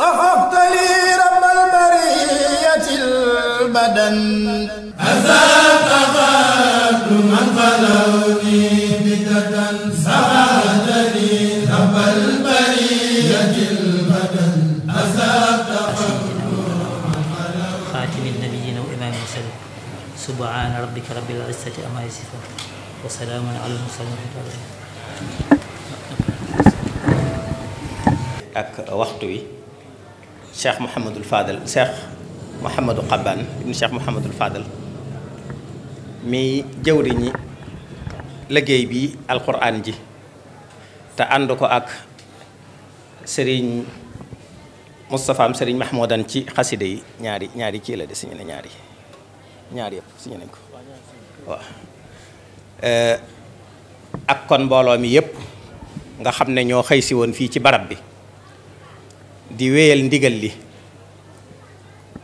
صفقت لي رب البرية البدن أزال أغاد من خلوني بددا صفقت لي رب البرية البدن أزال خاتم النبيين وإمام المرسلين سبحان ربك رب العزة أما يصفون وسلام على المرسلين ak waxtu wi cheikh Mouhamadul Fadel cheikh Mouhamadou Xabbaan ibnu cheikh Mouhamadul Fadel mi jëwriñi liggéey bi alquran ji te ànd ko ak sëriñ Moustapha am sëriñ Mahmoudan ci xaside yi ñaari ñaari kii la de si ñu ne ñaari ñaari yëpp si ñu ko euh, ak kon mbooloo mi yëpp nga xam ne ñoo xëy si woon fii ci barab bi di wéyal ndigal li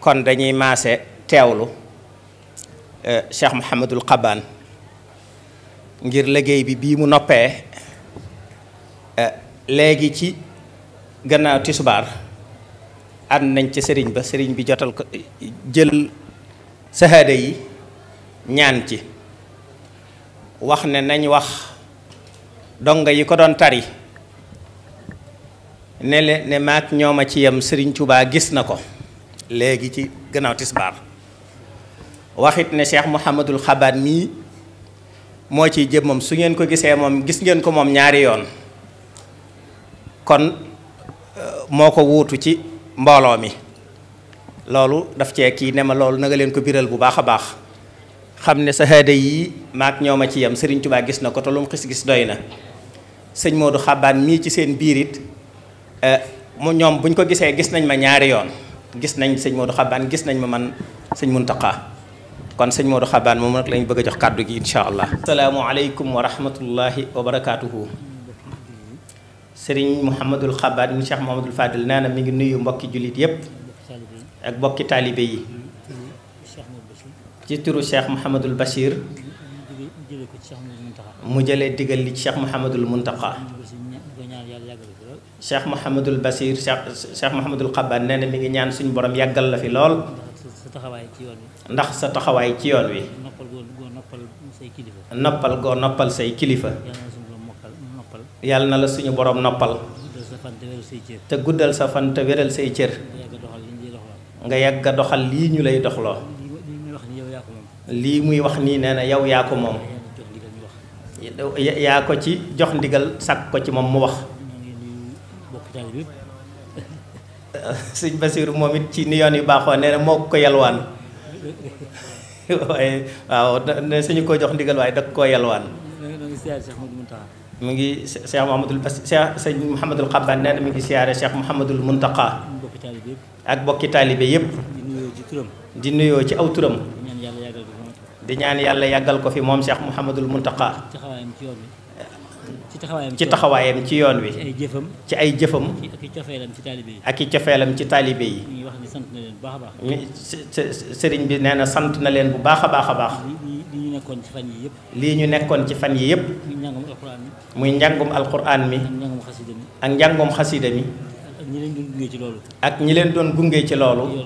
kon dañuy maase teewlu euh, Cheikh Mouhamadul Xabaan ngir liggéey bi bii mu noppee euh, léegi ci gannaaw tisbaar ànd nañ ci sëriñ ba sëriñ bi jotal ko jël sahaada yi ñaan ci wax ne nañ wax donga yi ko doon tari ne le ne maak ñooma ci yem sëriñ Touba gis na ko léegi ci gannaaw tisbaar waxit ne Cheikh Mouhamadul Xabaat mii moo ci jëmmam su ngeen ko gisee moom gis ngeen ko moom ñaari yoon kon euh, moo ko wuutu ci mbooloo mi loolu daf cee kii ne ma loolu na leen ko biral bu baax a baax xam ne sa sahaada yii maak ñooma ci yem sëriñ Touba gis na ko te lu xis gis doy na sëñ Modou Xabaat mii ci seen biirit Eh, mu ñoom buñ ko gisee gis nañ ma ñaari yoon gis nañ sëñ Modou Xabaan gis nañ ma man sëñ Muntaqa kon sëñ Modou Xabaan moom nag lañ bëgg a jox kàddu gi incha allah. asalaamualeykum wa rahmatullahi wa barakaatuhu. sëriñ Mouhamadul Xabaan ibn Cheikh Mouhamadul Fadil nee na mi ngi nuyu mbokki jullit yépp ak mbokki taalibe yi. ci turu Cheikh Mouhamadul Bachir. mu jëlee digal li ci Cheikh Mouhamadul Muntaqa Cheikh Mouhamadul Basir Cheikh Cheikh Mouhamadul Xaban nee na mi ngi ñaan suñu borom yàggal la fi lool. ndax sa taxawaay ci yoon wi. noppal goo noppal say kilifa. noppal goo noppal say kilifa. yàlla na la suñu borom noppal. te guddal sa fan te wéral say cër. nga yàgg a doxal lii ñu lay doxloo. lii muy wax nii nee na yow yaa ko moom. yaa ko ci jox ndigal sàkk ko ci moom mu wax. mbokk taalibe yëpp sëñ moom it ci ni yoon yu baaxoo nee na moo ko yalwaan waaye waaw ne suñu ko jox ndigal waaye da koo yalwaan mu ngi Cheikh Mouhamadul Bas Cheikh sëñ Mouhamadul Xabbaan nee na mi ngi siyaare Cheikh Mouhamadul Muntaqa ak bokki taalibe yëpp di nuyoo ci aw turam di ñaan yàlla yàggal ko fi moom Cheikh Mouhamadul Muntaqa ci taxawaayam ci yoon wi ci ay jëfam ak i cofeelam ci taalibe yi sëriñ bi nee na sant na leen bu baax a baax a baax lii ñu nekkoon ci fan yi yëpp muy njàngum alquran mi ak njàngum xasida mi ak ñi leen doon gunge ci loolu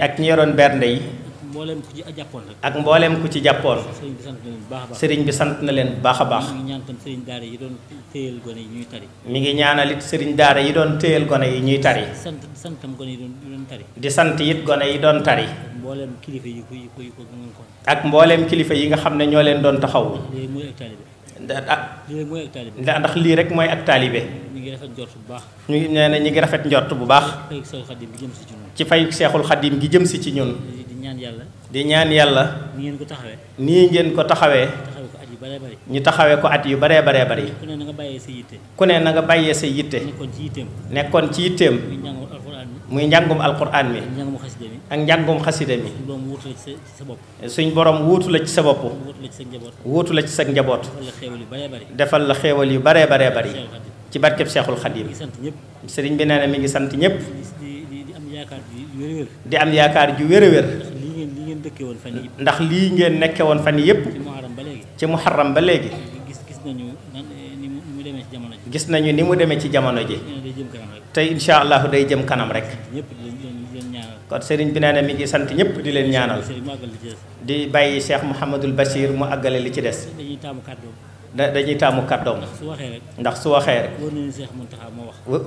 ak ñi yoroon bernde yi mboolem ku ci jàppoon rek. ak mboolem ku ci jàppoon. bu baax a baax. bi sant na leen baax a baax. mi ngi ñaan itam sëriñ daara yi doon téyel gone yi ñuy tari. mi ngi ñaanal it sëriñ daara yi doon téyel gone yi ñuy tari. sant santam gone yi doon tari. di sant it gone yi doon tari. mboolem kilifa yi ko yi ko ko ak mboolem kilifa yi nga xam ne ñoo leen doon taxaw. léegi mooy ak taalibe. Ah. lii mooy ak ndax lii rek mooy ak taalibe. ñu ngi rafet njort bu baax. ñu ngi nee na ñu ngi rafet njort bu baax. ci fayuk seexul xadim si ci ñun. ci fayuk seexul gi jëm si ci ñun. ñaan yàlla. di ñaan yàlla. nii ngeen ko taxawee. nii ngeen ko taxawee. ñu taxawee ko at yu baree baree bari. ku ne na nga bàyyee sa yitte. ku ne na nga bàyyee sa yitte. nekkoon ci yitteem. nekkoon ci yitteem. muy njàngum alquran mi. ak njàngum xasida mi. suñ borom wuutu la ci sa bopp. wuutu la ci sa njaboot. defal la xéewal yu baree baree bari. ci barkeb Seexul Xadiim. sëriñ bi nee mi ngi sant ñëpp. di am yaakaar ju wér a wér ndax lii ngeen nekke woon fan yi yëpp ci muharram ba léegi gis nañu ni mu demee ci jamono ji tey incha allahu day jëm kanam rek kon sëriñ bi nee na mi ngi sant ñëpp di leen ñaanal di bàyyi Cheikh Mouhamadul Bachir mu àggale li ci des dañuy taamu kàddoom ndax su waxee rek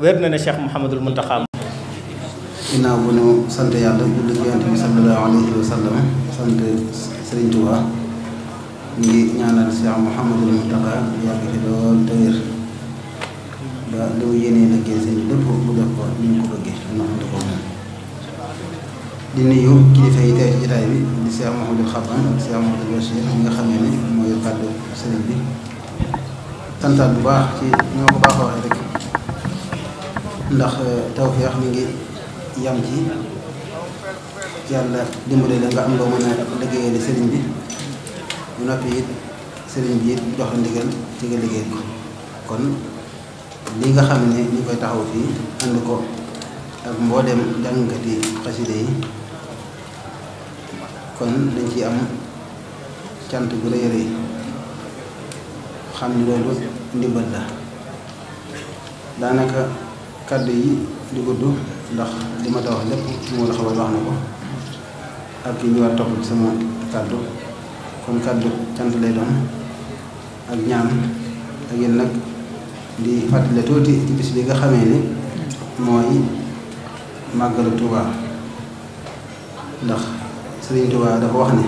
wér na ne Cheikh Mouhamadul Muntaxa ginnaaw bu ñu sant yàlla julli ci yonent bi sallallahu alayhi wa sallam sant Serigne Touba ñu ngi ñaanal Cheikh Mouhamadul Mountakha yàgg fi lool te ba li mu yéenee liggéey seen lépp mu def ko ni ñu ko bëggee ñu ànd ko moom di nuyu kilifa yi teew ci jotaay bi di Cheikh Mouhamadul Xaban ak Cheikh Mouhamadul Bachir mi nga xam ne mooy kàddu sëriñ bi santaat bu baax ci ñoo ko baax waxee rek ndax eh, tawfeex mi ngi yam ci yàlla dimbale la nga am loo mën a liggéeyale sëriñ bi bu noppi it bi jox la ndigal ci nga liggéeyal ko kon li nga xam ne ñu koy taxaw fii ànd ko ak nga jàngkati xaside yi kon dañ ci am cant bu rëy rëy xam ni loolu ndimbal la daanaka kàddu yi di gudd ndax li ma da wax lépp moo la xamal wax na ko ak yi ñu war a topp sama kàddu kon kàddu cant lay doon ak ñaan ak yéen nag di fàttali tuuti ci bis bi nga xamee ni mooy màggalu Tuuba ndax Sëriñ Tuuba dafa wax ne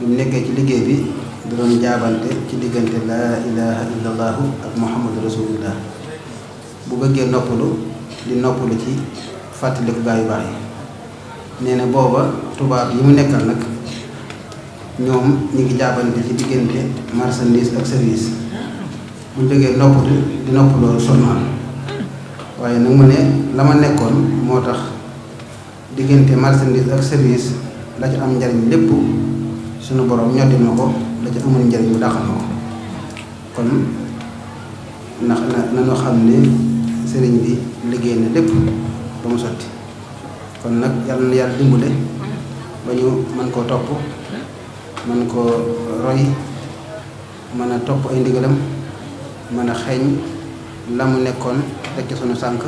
bi mu nekkee ci liggéey bi da doon jaabante ci diggante laa ilaha illallahu ak muhammadu rasulullah bu bëggee noppalu di noppalu ci fàttaliku gaa yu baax yi na booba tubaab yi mu nekkal nag ñoom ñu ngi jàppante ci diggante marchandise ak service bu ñu jógee noppalu di noppaloo sonal waaye nag mu ne la ma nekkoon moo tax diggante marchandise ak service la ci am njariñ lépp sunu borom ñotti na ko la ci amul njariñ bu dàqal na ko kon ndax na nañu xam ne sëriñ bi liggéey na lépp ba mu sotti kon nag yàlla na yàlla dimbale ba ñu mën koo topp mën koo roy mën a topp ay ndigalam mën a xeeñ la nekkoon teg ci sunu sànq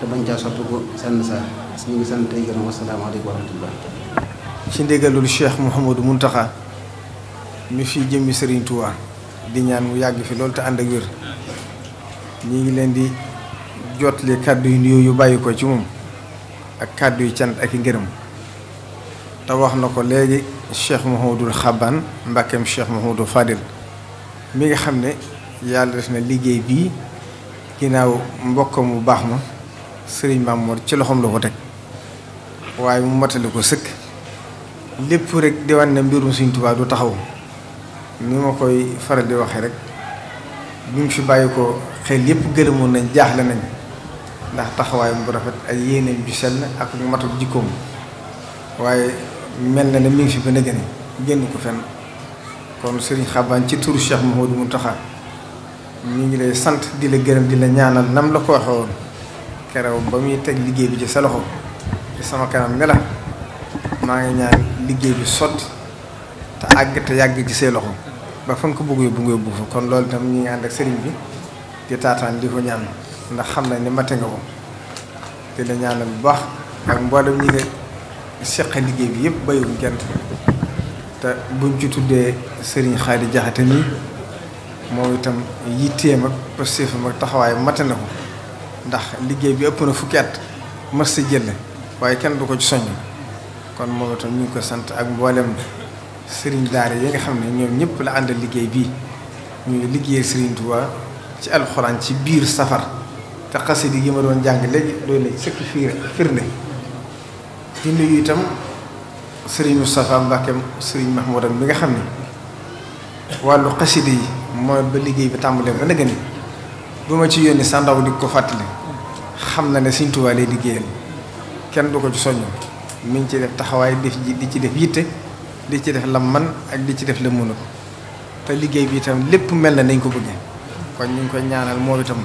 te bañ caa sotti ko sànn saa ñu ngi sant ay gërëm wasalaamaaleykum wa rahmatullah ci ndigalul Cheikh Mouhamadou Mountakha mi fi jëmmi Serigne di ñaan mu yàgg fi loolu te ànd ak wér ñi ngi leen di. jotli kàddu yu nuyoo yu bàyyi ko ci moom ak kàddu yu cant ak i ngërëm te wax na ko léegi cheikh Mouhamadul Xaban mbàkkeem cheikh Mouhamadou Fadil mi nga xam ne yàlla def na liggéey bii ginnaaw mbokkam mu baax ma sëriñ Mamour ci loxoom la ko teg waaye mu matali ko sëkk lépp rek di wan ne mbirum Sëriñ du taxaw ni ma koy faral di waxee rek bi mu fi bàyyi ko xel yépp gëlëmoon nañ jaaxle nañ ndax taxawaayam bu rafet ak yéeneem ju sell ak matul jikkoom waaye mel na ne mi ngi fi ba gën génn ko fenn kon sëriñ xaban ci turu Cheikh Mouhamadou Mountakha ñu ngi lay sant di la gërëm di la ñaanal nam la ko waxee woon keroog ba muy teg liggéey bi ci sa loxo ci sama kanam ne la maa ngi ñaan liggéey bi sotti te àgg te yàgg ci say loxo ba fa nga ko bëgg yóbbu nga yóbbu fa kon loolu itam ñu ngi ànd ak sëriñ bi di taataan di ko ñaan. ndax xam na ne mate nga moom te da ñaanal bu baax ak mboolem ñi nga seq liggéey bi yëpp bayiwuñ kenn te buñ ci tuddee sëriñ Khady Diakhaté nii moom itam yitteem ak pastéefam ak taxawaay mate na ko ndax liggéey bi ëpp na fukki at mës si jëlle waaye kenn du ko ci soññ kon moom itam ñu ngi ko sant ak mboolem Serigne daare yi nga xam ne ñoom ñëpp la àndal liggéey bii ñuy liggéeyal Serigne Touba ci alxuraan ci biir safar. te xasida yi ma doon jàng léegi doy na sëkk fiir firnde di nuyu itam sëriñ Moustapha Mbacke sëriñ Mahmoudane bi nga xam ne wàllu xasida yi mooy ba liggéey bi tàmbalee ba nëgëni ma ci yónni sa ndaw ko fàttali xam na ne Sëriñ Tuubaa kenn du ko ci soññ mu ngi ci def taxawaay def ji di ci def yitte di ci def lam man ak di ci def la mënut te liggéey bi itam lépp mel na nañ ko bëggee kon ñu ngi koy ñaanal moo itam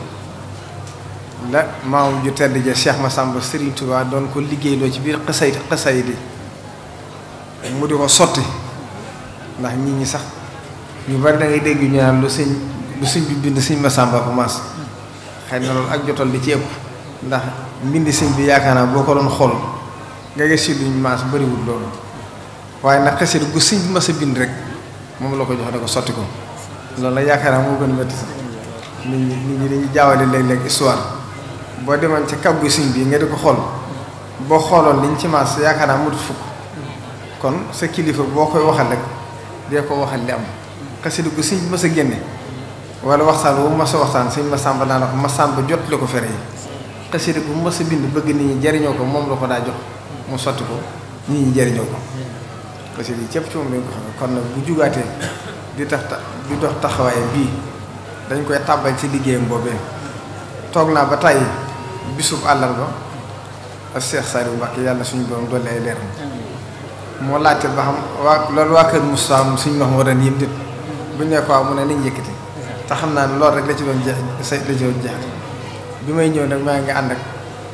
la maam ju tedd ja ma Cheikh Massamba Serigne Touba doon ko liggéey liggéeyloo ci biir xasay xasay di mu di ko sotti ndax nit ñi sax ñu bari dangay dégg ñu naan lu sëñ lu sëñ bi bind sëñ Massamba ko maas xëy na loolu ak jotal di ci ëpp ndax mbind sëñ bi yaakaar naa boo ko doon xool nga gis si luñ maas bariwul loolu waaye nag xasida gu sëñ ma a bind rek moom la ko jox da ko sotti ko loolu la yaakaar naa moo gën a métti sax nit ñi nit ñi dañuy jaawale léeg-léeg boo demoon ca kàggu siñ bi nga di ko xool boo xooloon liñ ci maas yaakaar naa mutut fukk kon sa kilifa boo koy waxal rek dee ko waxal li am xasida ko siñ mës a génne wala waxtaan wu mës a waxtaan siñ ma sàmba naa la ko ma sàmba jot la ko fere yi xasida ko mës a bind bëgg nit ñi jariñoo ko moom la ko daa jot mu sotti ko nit ñi jariñoo ko xasida yi cëpp ci moom lañ ko xamee kon nag bu jugaatee di tax di dox taxawaaye bii dañ koy tàbbal ci liggéeyam boobee naa ba tàyyi bisub àllarba ak Seex bu Mbàkke yàlla suñu borom dolli ay leer moo laajte ba xam waa loolu waa kër Moussa suñu wax moo doon yim nit bu ñu ne nañ yëkkati te xam naa ne loolu rek la ci doon jeex a ci doon bi may ñëw nag maa ngi ànd ak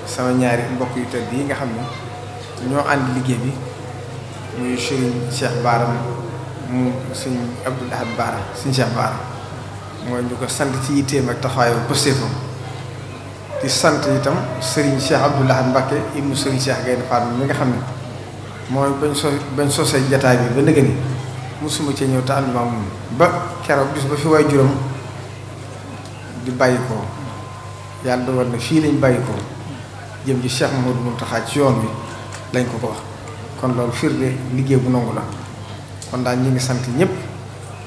sama ñaari mbokk yu tëdd yi nga xam ne ñoo ànd liggéey bi muy Serigne Cheikh Baara mu suñ Abdoul Ahad Baara suñ Cheikh Baara mooy ñu ko sant ci yitteem ak taxawaayam posté foofu di sant itam Serigne Cheikh Abdoul Ahad Mbacké ibnu Serigne Cheikh Gaynde Fatma mi nga xam ne mooy bañ so bañ sosee jataay bi ba nëgë mosuma cee ñëw te ànduma moom ba keroog bis ba fi waay juróom di bàyyi ko yàlla dogal na fii lañ bàyyi ko jëm ci Cheikh Mouhamadou Mountakha ci yoon wi lañ ko ko wax kon loolu firnde liggéey bu nangu la kon daal ñu ngi sant ñëpp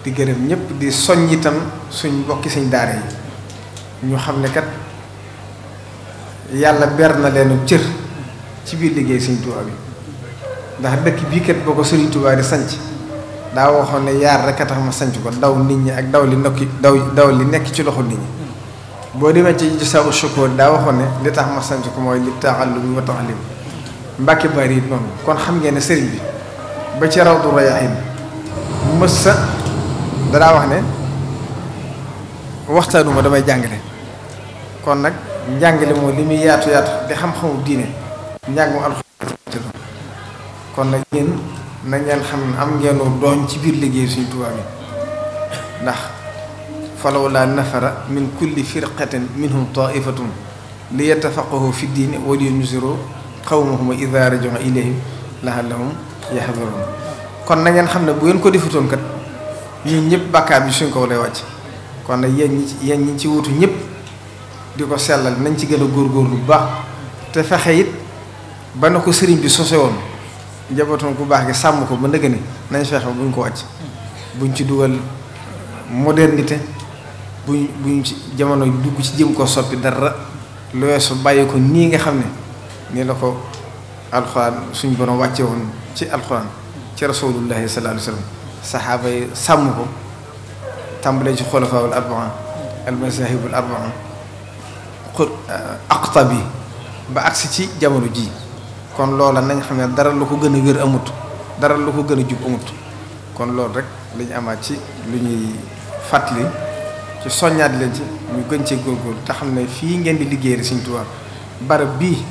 di gërëm ñëpp di soññ itam suñ mbokki suñ daara yi ñu xam ne kat. yàlla ber na leen cër ci biir liggéey Sëriñ Tuubaa bi ndax dëkk bii kat boo ko Sëriñ Tuubaa di sanc daa waxoon ne yaar rek a tax ma sanc ko daw nit ñi ak daw li nokki daw daw li nekk ci loxo nit ñi boo demee ci Jasaawu Shukuur daa waxoon ne li tax ma sanc ko mooy li taallum wa taalim Mbàkke Bari it noonu kon xam ngeen ne sëriñ bi ba ci Rawdu Rayaahiin mës sa danaa wax ne waxtaanuma damay jàngale kon nag njàngale moom li muy yaatu yaatu di xam-xamu diine njàngum alxuraan kon nag yéen nañ xam ne am ngeen doon ci biir liggéey suñu Tuubaa bi ndax falawlaa nafara min kulli firqatin minhum taifatun li yattafaqahu fi diine wa li yunziru kon na ngeen xam ne bu ngeen ko defutoon kat ñun ñëpp bàkkaar bi suñ ko lay wàcc kon nag yéen ñi yéen ñi ci wutu ñëpp. di ko sellal nañ ci gën a góor góorgóorlu bu baax te fexe it ba na ko sëriñ bi sose woon njabootam ku baax ngi sàmm ko ba ndëgg ni nañ fexe buñ ko wàcc buñ ci dugal modernité buñ buñ ci jamono dugg ci jëm ko soppi dara lu weesu bàyyi ko nii nga xam ne nii la ko alxuraan suñ borom wàcce woon ci alxuraan ci rasulullahi sallallahu alayhi wa sallam sàmm ko tàmbalee ci xulafaawul arbaa al mazahibul Eh, aqta bi ba agsi ci jamono jii kon loola nañ xam ne dara lu ko gën a wér amut dara lu ko gën a jub amut kon loolu rek la ñu amaat ci lu ñuy fàttali ci soññaat leen ci ñu gën cee góorgóorlu te xam ne fii ngeen di liggéey rek Sëriñ Tuubaa barab bii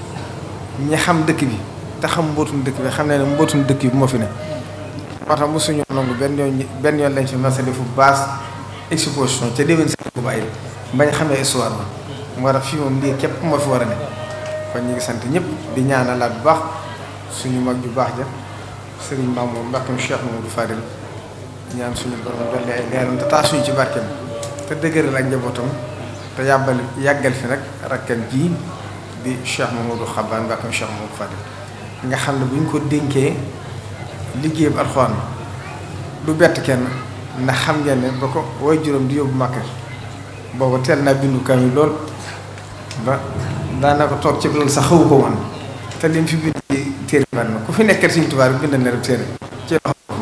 ña xam dëkk bi te xam mbootum dëkk bi xam ne ne mbootum dëkk bi moo fi ne waxtaan bu suñu nangu benn yoon benn yoon lañ fi masali fu baas exposition ca déwén seen ko bañ xam ne histoire ba moo a fii moom lii képp moo fi war a ne kon ñu ngi sant ñëpp di ñaanalaat bu baax suñu mag ju baax ja sëriñ Mamour Mbackeem Cheikh Mamadou Fadil ñaan suñu borom dolli ci barkeem te dëgëral ak njabootam yàbbal yàggal fi nag rakkam ji di Cheikh Mamadou Xabaan Mbackeem Cheikh nga xam ne bu ñu ko dénkee liggéey bu alxuraan du bett kenn ndax xam ngeen ne ba ko way juróom di yóbbu màkk boobu teel naa bindu kamil lool ba daanaka toog ci loolu sa xaw ko woon te lim fi bind téere bari na ku fi nekkal Sëriñ Tuubaa bi bind na rek téere ci loxo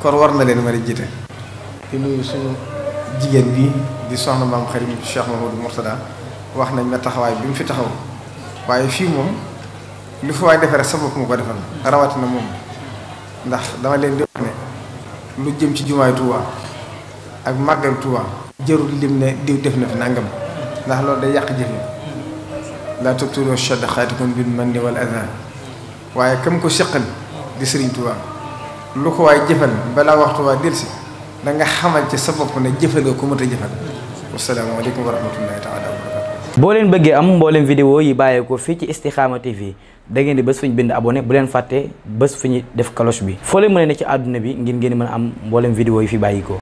kon war na leen mën a jiite te nuyu suñu jigéen bi di soxna maam xarit Cheikh Mamadou Mourtada wax nañ ma taxawaay bi mu fi taxaw waaye fii moom lu fa waay defee rek sa bopp mu ko defal rawatina moom ndax dama leen di ne lu jëm ci jumaay ak màggal Tuubaa jërul ne diw def na fi nangam ndax loolu day yàq jëf laa tubtuloo sadaqaatikum bil manni wal adaa waaye kam ko seqal di Sëriñ Tuubaa lu ko waay jëfal balaa waxtu waa delsi da xamal ci sa bopp ne jëfal nga ko mën a jëfal wasalaamaaleykum wa rahmatullahi taala wa barakatu boo leen bëggee am mboolem vidéo yi bàyyeekoo fii ci Istikhama TV da ngeen di bés fu ñu bind abonné bu leen fàttee bés fu ñu def cloche bi foo leen mën ne ci àdduna bi ngir ngeen mën a am mboolem vidéo yi fi bàyyikoo